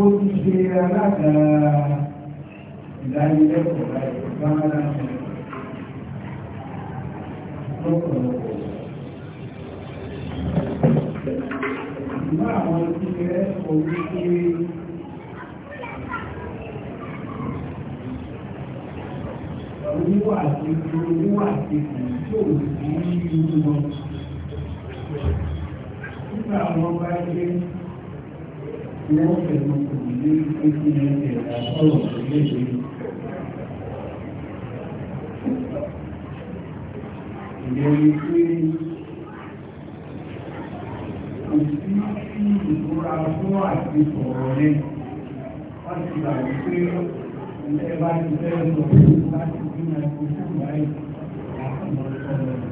ó ti ṣe alága ìdánilẹ́kọ̀ọ́ báyìí lọ́pọ̀lọpọ̀. Ìgbà àwọn tí ẹ orí sí oníwà àti oníwà àti tí ò sí nínú wọn. Nígbà àwọn bá ṣe wọ́n fẹ̀rẹ̀ ọkùnrin ní ìpínlẹ̀ ẹ̀dà ọ̀rọ̀ ìlẹ́gbẹ̀ẹ́ ìyẹni àti sọ̀rọ̀ rẹ̀ láti gbà wípé ilé bá ti fẹ́ lọ láti bí wọn kò sí ìwáyé láti lọ sọ̀rọ̀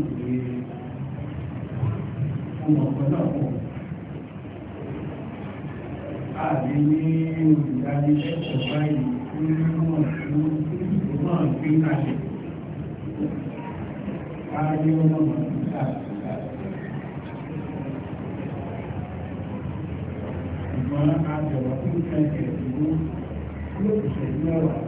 ìwé ọmọ ọ̀pọ̀lọ́ pọ̀ àti ní olùdánilẹ́kọ̀ọ́ báyìí ọ̀rọ̀.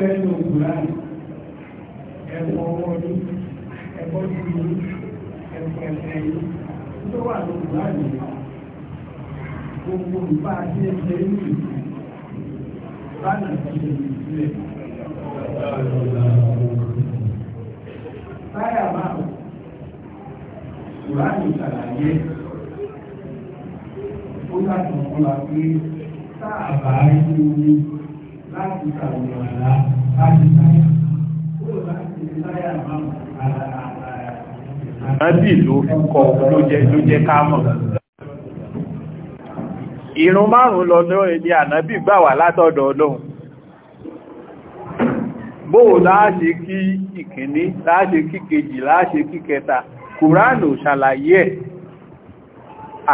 lẹ́nu òkúra ẹ̀kọ́ ọwọ́ ní ẹ̀kọ́ tí ní ẹ̀kọ́ ẹ̀kẹ́ yìí tó wà ní òkúra yìí gbogbo nípa tí ẹ ṣe ń rìn lánàá ti ṣe ìdílé. Táyà máa òkúra yìí ṣàlàyé ó láti ọ̀pọ̀lọpọ̀ pé táàbà rí omi. láti ṣàwọn ọ̀la láti ṣàyà ló fi kọ ló jẹ ká mọ̀ Ìrùn márùn-ún lọ lọ́dọ́ ẹni ànábì gbà wà látọ̀dọ̀ ọlọ́run bóò láàṣe kí ìkíní láàṣe kí kejì láàṣe kí kẹta kùránù ṣàlàyé ẹ̀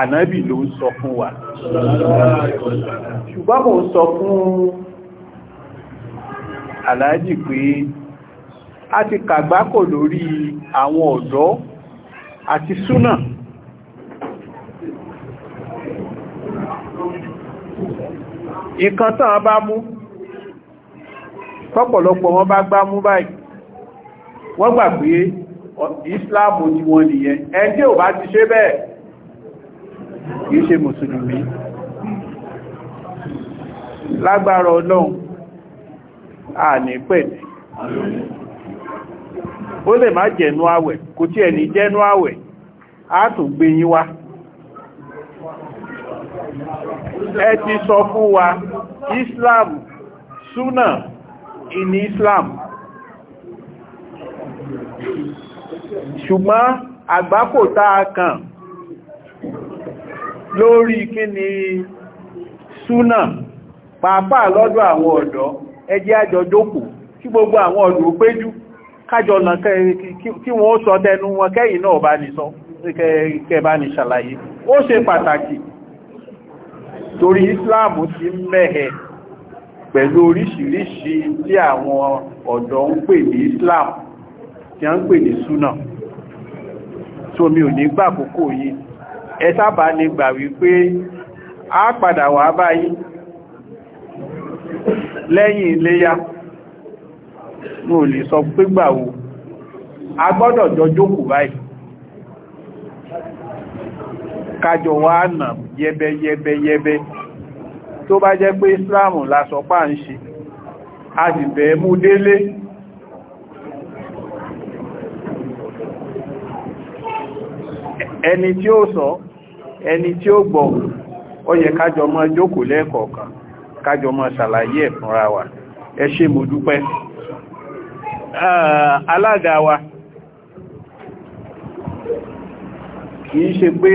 ànábì ló sọ fún wa ṣùgbọ́n aláàjì pé a ti kàgbákò lórí àwọn ọ̀dọ́ àti súnà nǹkan tán bá mú pọ́pọ̀lọpọ̀ wọn bá gbá mú báyìí wọ́n gbà pé Islam ni wọ́n nìyẹn ẹjẹ́ ò bá ti ṣe bẹ́ẹ̀ kìí mùsùlùmí lágbára ọlọ́run àní pẹ̀lú ó lè má jẹnu àwẹ̀ kò tí ẹni jẹnu àwẹ̀ a tún gbé yín wá ẹ ti sọ fún wa Islam súnà ìní Islam ṣùgbọ́n àgbákò kan kàn lórí kí ni súnà pàápàá lọ́dọ̀ àwọn ọ̀dọ́ ẹjẹ́ àjọ jókòó kí gbogbo àwọn ọ̀dọ́ péjú kájọ nà kí wọ́n sọ tẹnu wọn kẹ́yìn náà bá ní sọ kẹ́ ní ṣàlàyé ó ṣe pàtàkì torí Islam ti mẹ́hẹ̀ pẹ̀lú oríṣiríṣi tí àwọn ọ̀dọ́ ń pè ní Islam tí a ń pè ní súnà tó mi ò ní gbà àkókò yìí ẹ sábà ní gbà wípé a padà wà báyìí lẹ́yìn iléyá mo lè sọ pé gbàwó a gbọ́dọ̀ jọ jókòó báyìí kájọ wá nà yẹbẹyẹbẹyẹbẹ tó bá jẹ́ pé Islam lásọpá ń ṣe a sì bẹ̀ mú délé ẹni tí ó sọ ẹni tí ó gbọ́ ó yẹ kájọ mọ́ jókòó lẹ́ẹ̀kọ̀ọ̀kan kájọ máa ṣàlàyé ẹ̀ fúnra wa ẹ ṣé mo dúpẹ́ ah, alága wa kìí ṣe pé